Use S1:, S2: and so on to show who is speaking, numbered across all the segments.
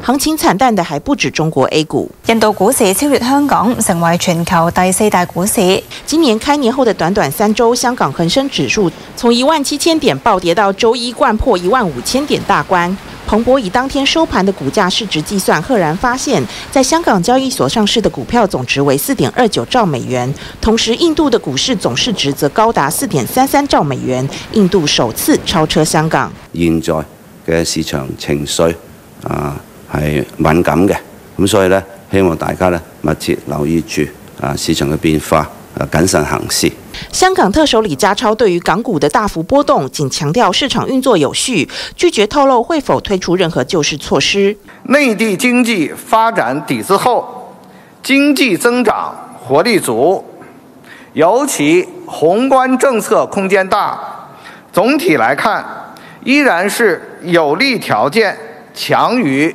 S1: 行情慘淡的還不止中國 A 股，印度股市超越香港，成為全球第四大股市。今年開年後的短短三周，香港恒生指數從一萬七千點暴跌到周一摜破一萬五千點大關。彭博以當天收盤的股價市值計算，赫然發現，在香港交易所上市的股票總值為四點二九兆美元，同時印度的股市總市值則高達四點三三兆美元，印度首次超車香港。現在嘅市場情緒啊，係敏感嘅，咁所以呢，希望大家呢，密切留意住啊市場嘅變化，啊謹慎行事。香港特首李家超對於港股的大幅波動，僅強調市場運作有序，拒絕透露會否推出任何救市措施。內地
S2: 經濟發展底子厚，經濟增長活力足，尤其宏觀政策空間大，總體來看，依然是有利條件強於。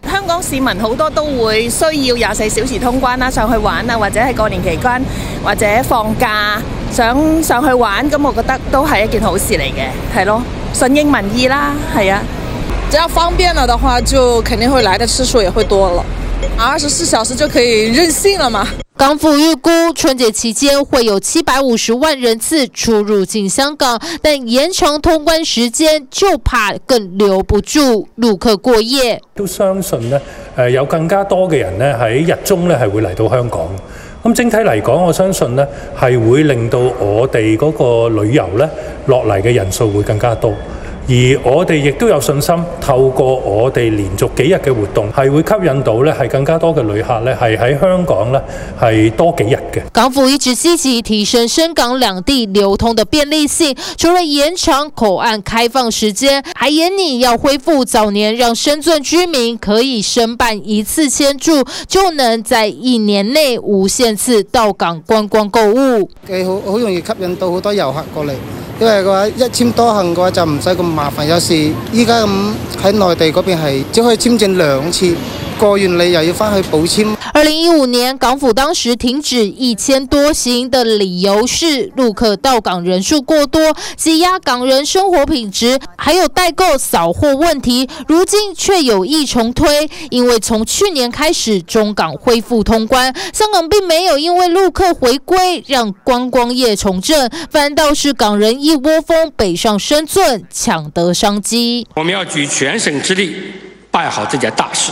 S3: 當市民好多都會需要廿四小時通關啦，上去玩啊，或者係過年期間或者放假想上去玩，咁我覺得都係一件好事嚟嘅，係咯，順應民意啦，係啊，只要方便了的話，就肯定會來的次數也會多了。二十四小時就可以任性了嘛。
S4: 港府預估春節期間會有七百五十萬人次出入境香港，但延長通關時間就怕更留不住陸客過夜。
S5: 都相信呢，誒，有更加多嘅人呢，喺日中呢，係會嚟到香港。咁、嗯、整體嚟講，我相信呢，係會令到我哋嗰個旅遊呢，落嚟嘅人數會更加多。而我哋亦都有信心，透過我哋連續幾日嘅活動係會吸引到咧係更加多嘅旅客咧，係喺香港咧係多幾日嘅。港府
S4: 一直積極提升深港兩地流通的便利性，除了延長口岸開放時間，還擬要恢復早年讓深圳居民可以申辦一次簽注，就能在一年內無限次到港觀光購物。幾好好容易吸引到好多遊客過嚟，因為嘅話一簽多行嘅話就唔使咁麻煩有時依家咁喺內地嗰邊係只可以簽證兩次。過完你又要翻去補簽。二零一五年港府當時停止一千多行的理由是陸客到港人數過多，擠壓港人生活品質，還有代購掃貨問題。如今卻有意重推，因為從去年開始中港恢復通關，香港並沒有因為陸客回歸讓觀光業重振，反倒是港人一窩蜂北上深圳搶得商機。
S6: 我們要舉全省之力辦好這件大事。